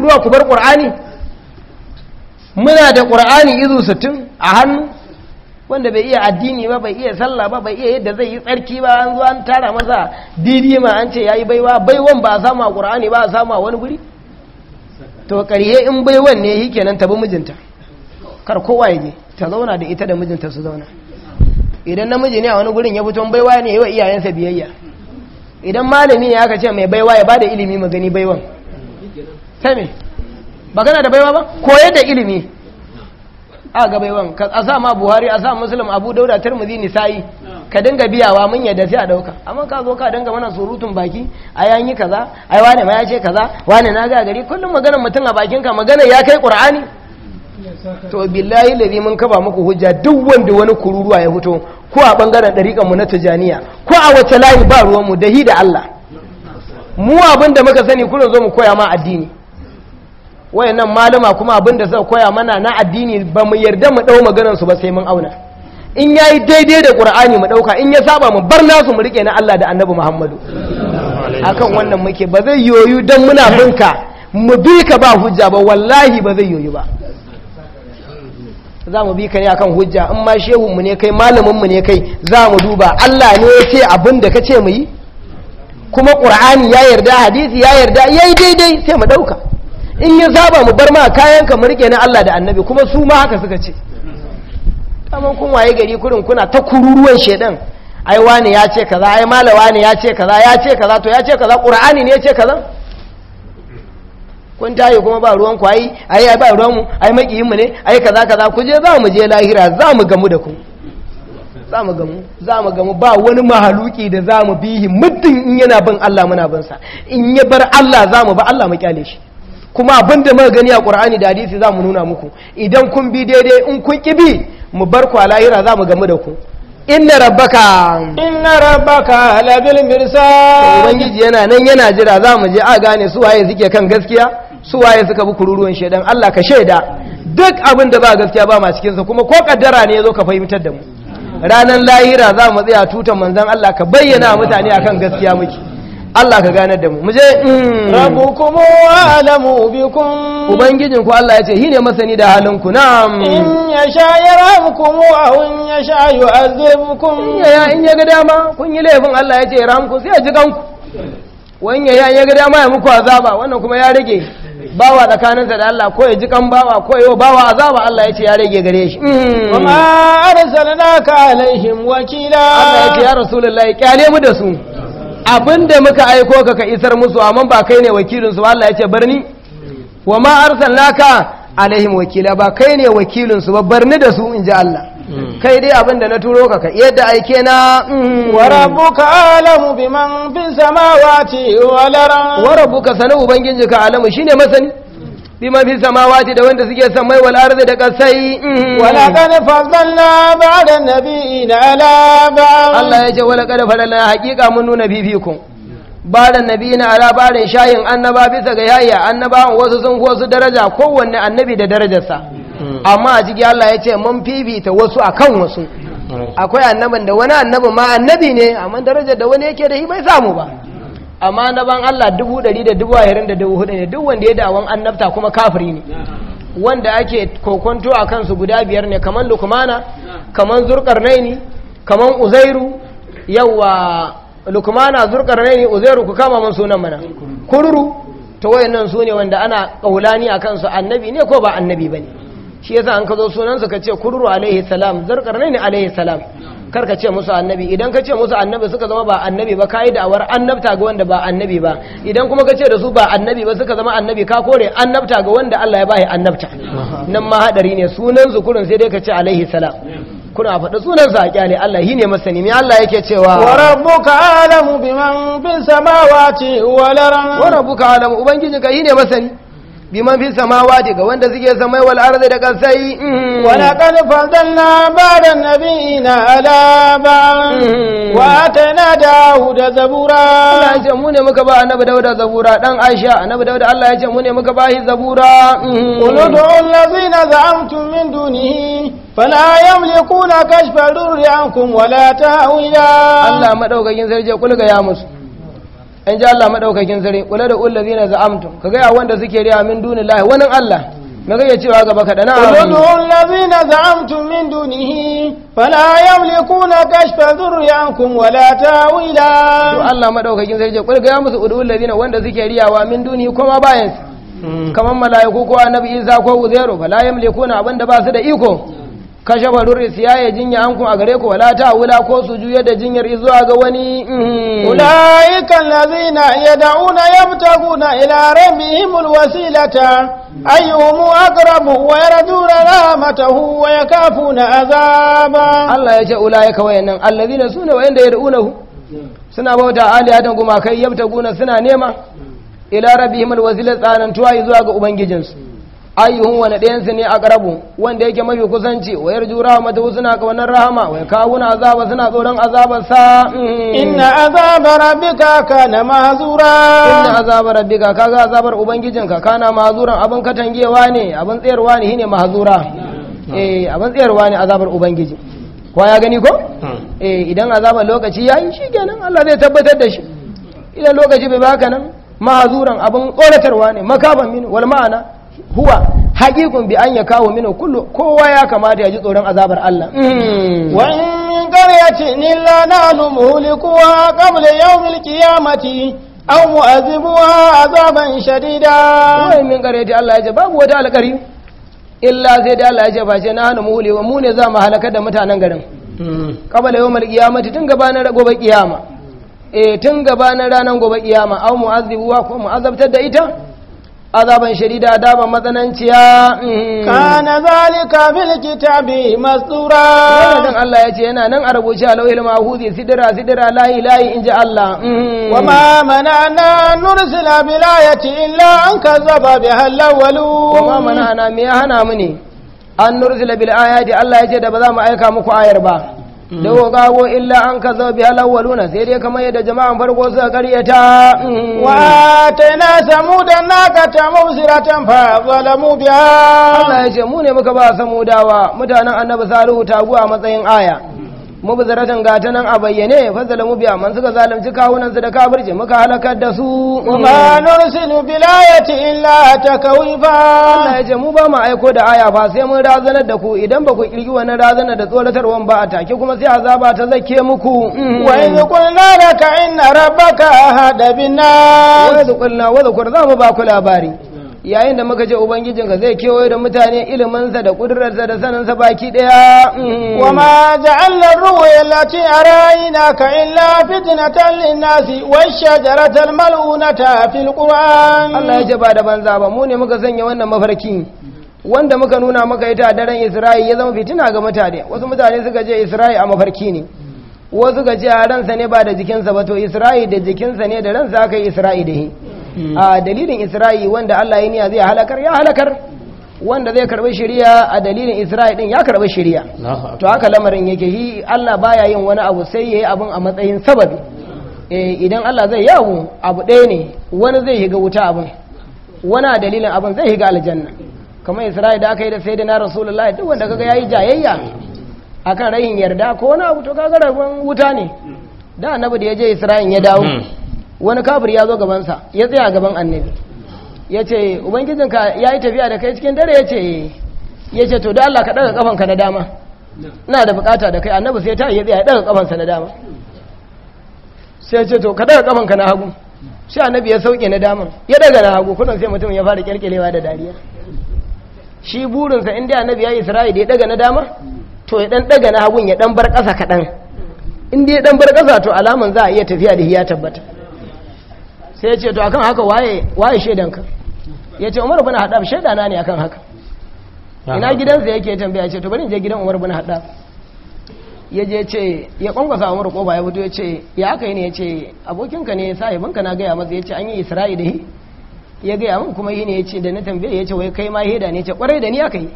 ruwa ku bar ƙur'ani muna da ƙur'ani izu sittin a hannu wanda bai iya addini ba bai iya sallah ba bai iya yadda zai yi tsarki ba an zo an tara masa didi ma an ce yayi baiwa baiwan ba a sama ƙur'ani ba a sama wani guri to ƙarye in baiwan ne yi kenan tabi mijinta kar kowa ya ne ta zauna da ita da mijinta su zauna idan namiji ne a wani gurin ya fito baiwa ne yi wa iyayensa biyayya idan malami ne aka ce mai baiwa ya bada ilimi magani baiwan sai mai ba kana da baiwa ba koye da ilimi a ga baiwan a sa ma buhari a sa musulun abu dauda turmuzi nisa'i ka dinga biyawa mun yadda sai a dauka amma ka zo ka dinga mana surutun baki a yanyi kaza yi wane ma ya ce kaza wane na ga gari kullum magana mutum a bakin ka magana ya kai ƙura'ani to billahi lazi mun kaba muku hujja duk wanda wani kururuwa ya fito ko a bangaren ɗariƙan mu na tijaniya ko a wace layi ba ruwan mu da hi da Allah mu abin da muka sani kullum zo mu koya ma addini nan malama kuma abin da suka koya mana na addini ba mu yarda mu dau maganar su ba sai mun auna in yayi daidai da qur'ani mu dauka in ya saba mu bar nasu mu rike na Allah da Annabi Muhammadu akan wannan muke ba zai yoyu dan muna binka mu bi ka ba hujja ba wallahi ba zai yoyu ba za mu bi ka ne akan hujja in ma shehun mu ne kai malamin mu ne kai za mu duba Allah ne ya ce abin da ka ce mu yi kuma qur'ani ya yarda hadisi ya yarda yayi daidai sai mu dauka in ya zaba mu bar ma kayan ka mu rike na Allah da annabi kuma su ma haka suka ce kaman kun waye gari kurin kuna ta kururuwan shedan ai wani ya ce kaza ai malawa ne ya ce kaza ya ce kaza to ya ce kaza qur'ani ne ya ce kaza kun tayi kuma ba ruwan kwai ai ai ba ruwan mu ai makiyin mu ne ai kaza kaza ku je za mu je lahira za mu gamu da ku za mu gamu za mu gamu ba wani mahaluki da za mu bihi muddin in yana bin Allah muna bin sa in ya bar Allah za mu ba Allah mu kyale shi kuma abin da muka gani a ƙur'ani da hadisi za mu nuna muku idan kun bi daidai in kun ƙi bi mu bar ku a lahira za mu gamu da ku inna rabbaka inna rabbaka labil mirsa ubangiji yana nan yana jira za mu je a gane su waye suke kan gaskiya su waye suka bi kururuwan shedan Allah ka shaida duk abin da ba gaskiya ba ma cikin kuma ko kaddara ne yazo ka fahimtar da mu ranan lahira za mu tsaya tutan manzon Allah ka bayyana mutane akan gaskiya muke Allah ka ganar da mu mu je hmm. kuma alamu bikum ubangijin ku Allah ya ce hine masani da halin ku na'am in ya sha ya yarhamkum wa in ya sha yu'azibukum ya in ya ga dama kun yi laifin Allah ya ce ku sai ya ji ganku wan in ya ya ga dama ya muku azaba wannan kuma ya rage bawa tsakanin da Allah ko ya ji kan bawa ko yau bawa azaba Allah ya ce ya rage gare shi hmm. wa ma arsalnaka alaihim wakila Allah ya ce ya rasulullahi kyale mu da su abin da muka aiko ka ka isar musu amma ba kai ne wakilinsu Allah ya ce barni wa ma arsalnaka alaihim wakila ba kai ne wakilinsu ba barni da su in ji Allah kai dai abin da na turo ka yadda aike na mm. wa rabbuka alamu biman fi samawati wal ard wa rabbuka sanu ubangiji jika alamu shine masani bima fi samawati da wanda suke san mai wal ardi da kasai wala kana fazalla ba'da nabiyina ala ba'd Allah ya ce wala kana fazalla haqiqa mun nuna bi fi kun ba'da nabiyina ala shayin annaba bi saga yayya annaba wasu sun ko daraja kowanne annabi da darajarsa amma a ciki Allah ya ce mun fifita wasu akan wasu akwai annaban da wani annabi ma annabi ne amma darajar da wani yake da yi bai samu ba amma na ban Allah dubu ɗari da dubu ayarin da dubu hudu ne duk wanda ya dawon annabta kuma kafiri ne wanda ake kokonto a kansu guda biyar ne kamar lukumana kamar naini kamar uzairu yawa lukumana zurkar naini uzairu ku kama mun sunan mana kururu ta nan su ne wanda ana kaulani a kansu annabi ne ko ba annabi ba ne shi yasa an ka zo su ka ce kururu alaihi salam naini alaihi salam kar ka ce musu annabi idan ka ce musu annabi suka zama ba annabi ba kai awar annabta ga wanda ba annabi ba idan kuma ka ce da su ba annabi ba suka zama annabi ka kore annabta ga wanda Allah ya bahi annabta nan ma hadari ne sunan zukurun sai dai ka ce alaihi salam kuna faɗa sunansa a kyale Allah shi ne masani mai Allah yake cewa wa rabbuka alamu biman fis samawati wal ardh wa rabbuka alamu ubangijinka ne masani biman fi samawati ga wanda suke samai wal arzi da kasai wa laqad faddalna ba'da nabiyina ala ba'd wa atana daud zabura Allah ya ce mu ne muka ba annabi daud zabura dan Aisha annabi daud Allah ya ce mu ne muka ba shi zabura quludu allazina za'amtum min dunihi fala yamlikuna kashfa durri ankum wala ta'wila Allah madaukakin sarki kulga ya musu in ji Allah maɗaukakin zare kula da za amtu ka gaya wanda suke riya min lahi wani Allah na gaya cewa gaba kaɗa na abu الذين زعمتم من دونه فلا يملكون كشف ذريانكم ولا تاويلا to Allah maɗaukakin zare ce gaya musu udul zina wanda suke wa min duni kuma bayan hmm. kamar malaiku ko annabi Isa ko Uzairu fala kuna abinda ba su da iko kashe barur siya ya jinya an a gare ku wala ta wula ko su juya da jinyar zuwa ga wani ulaikan lazina ya da'una ya guna ila rabihimul wasilata ayyuhumu aqrabu wa yarjuna rahmatahu wa yakafuna azaba Allah ya ce ulaika wayannan allazina sune wayanda yad'unahu suna bauta kai gumakai guna suna nema ila rabihimul wasilata nan tsanantuwa zuwa ga ubangijinsu ayyuhun wani ɗayansu ne a ƙarabu wanda yake mafi kusanci wa yarju rahmatu ka wannan rahama wa kawuna azaba suna tsoron azaban sa inna azaba rabbika kana mazura inna azaba rabbika kaga azabar ubangijinka kana mazuran abin katangewa ne abin tsayarwa ne shine mazura eh abin tsayarwa ne azabar ubangiji ko ya gani ko eh idan azabar lokaci yayi shikenan Allah zai tabbatar da shi idan lokaci bai baka nan mazuran abin tsoratarwa ne makaban min wal ma'ana huwa haqiqun bi an yakawu minhu kullu kowa ya kamata ya ji tsoron azabar Allah hmm. wa in qaryatin illa nahnu muhlikuha qabla yawmil qiyamati aw mu'azibuha azaban shadida wa min qaryati Allah ya ce babu wata alƙari illa sai da Allah ya ce ba ce nahnu muhliku mu ne za mu halaka da mutanen garin hmm. qabla yawmil qiyamati tun gabanin gobe kiyama eh tun gabanin ranar gobe kiyama aw mu'azibuha ko mu'azabtar da ita azaban da adaban matsananciya mm. kana zalika fil kitabi masura wannan Allah yace yana nan a rubuce a lauhil mahfuzi sidira sidira layi layi inji Allah mm. wa ma mana'na nursila bil illa an kazzaba biha al wa ma mana'na me hana mu ne an nursila bil ayati Allah yace da ba za mu aika muku ayar ba da waqawo illa an zo biya lawaluna sai dai kamar yadda jama'an farko suka karyata mm. wa samu ta samuda ta mubsiratan fa zalamu biya Allah ya ce mu ne muka ba samu dawa mutanen annabi salihu taguwa matsayin aya mubzaratan ga gata nan a bayyane fa mu biya man suka zalunci kawunan su da kafirci muka halakar da su ma nursilu bilayati illa takawifa Allah ya ce mu ba mu aiko da aya fa sai mun razanar da ku idan ba ku kirki wani razanar da tsoratarwan ba a take kuma sai azaba ta zake muku wa in qulna laka inna rabbaka hada bin nas wa qulna wa zamu ba ku labari yayin da muka je ubangijinka zai kewaye da mutane iliminsa da kudurarsa da saninsa baki daya mm. wa ma ja'alna ru'ya a arayna ka illa fitnatan lin-nasi wash-shajaratal mal'unata fil qur'an Allah ya ce ba da banza ba mu ne muka sanya wannan mafarkin wanda muka nuna maka ita daren Isra'i ya zama fitina ga mutane wasu mutane suka je Isra'i a mafarki ne wasu ga ce a ransa ne ba da jikinsa ba to Isra'i da jikinsa ne da ransa aka yi Isra'i da shi Hmm. a dalilin isra'i wanda Allah ya niya zai halakar ya halakar wanda zai karbi shari'a a dalilin isra'i din ya karbi shari'a to haka lamarin yake yi Allah baya yin wani abu sai yayi abin a matsayin sababi eh, idan Allah zai yawo abu ɗaya ne wani zai higa wuta abin wani a dalilin abin zai higa aljanna kamar isra'i da aka yi da sai na rasulullahi duk wanda kaga yayi jayayya akan rayin yarda ko wani abu to kaga rabon wuta ne da annabi da ya je isra'in ya dawo hmm. wani kafir ya zo gabansa ya tsaya gaban annabi ya ce ubangijinka ya yi tafiya da kai cikin dare ya ce eh. ya ce to da Allah ka ɗaga ƙafanka na dama na da bukata da kai annabi sai ta yi ya ɗaga ƙafansa na dama sai ce to ka ɗaga ƙafanka na hagu shi annabi ya sauke na dama ya ɗaga na hagu kudin sai mutum ya fara ƙirƙirewa da dariya shi burinsa inda annabi ya yi isra'i da ya ɗaga na dama to ya ɗan ɗaga na hagun ya ɗan bar ƙasa kaɗan in ya ɗan bar ƙasa to alaman za a iya tafiya da ya tabbata sai ya ce to akan haka waye waye shaidanka ya ce umar bin haɗa na ne akan haka ina gidansa yake tambaya ce to bari je gidan umar bin haɗa ya je ce ya kwankwasa umar ba ya fito ya ce ya aka yi ne ya ce abokinka ne sahibinka na gaya masa ya ce an yi isra'i da hi ya gaya min kuma yi ne ya ce da na tambaye ya ce wai kai ma heda ne ce kwarai da ni aka yi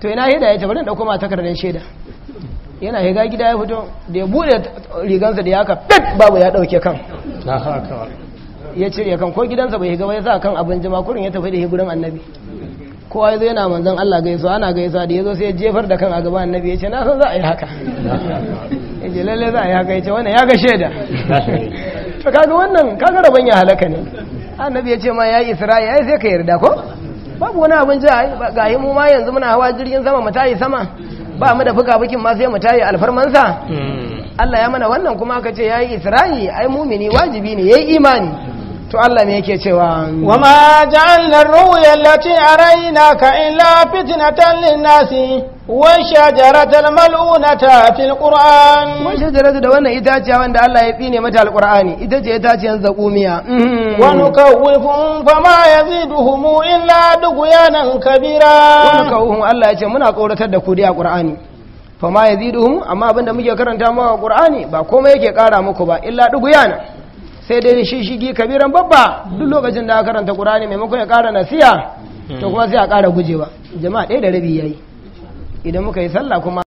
to ina heda ya ce bari ɗauko ma takardar shaida yana higa gida ya fito da ya buɗe rigansa da ya ka babu ya ɗauke kan ya cire kan ko gidansa bai higa ya sa kan abin jima kurin ya tafi da higurin annabi kowa ya zo yana manzan Allah gaisuwa ana gaisuwa da ya zo sai ya jefar da kan a gaban annabi ya ce na san za a yi haka ya ce lalle za a yi haka ya ce wannan ya ga shaida to kaga wannan kaga rabon ya halaka ne annabi ya ce ma ya yi isra'i ai sai ka yarda ko babu wani abin ja ga yi mu ma yanzu muna hawa jirgin sama mu tayi sama ba mu da fuka bukin ma sai mu tayi alfarmansa hmm. Allah ya mana wannan kuma aka ce ya yi isra'i ai mumini wajibi ne ya yi imani to Allah ne yake cewa wama ja'alna ar-ru'ya allati ka illa fitnatan lin-nasi wa shajaratal mal'unata fil qur'an wa shajaratu da wannan ce wanda Allah ya tsine mata ita ce ita ce itaciyan zakumiya mm-hmm. wa fa ma yaziduhum illa dugyanan kabira wa nukawwifum Allah ya ce muna kauratar da ku dai Kur'ani. fa ma d'uhu amma abin da muke karanta maka qur'ani ba komai yake kara muku ba illa yana sai dai shi shigi kabiran babba duk lokacin da aka karanta qur'ani maimakon ya kara nasiya to kuma sai a kara gujewa jama'a ɗaya da rabi yayi idan muka yi sallah kuma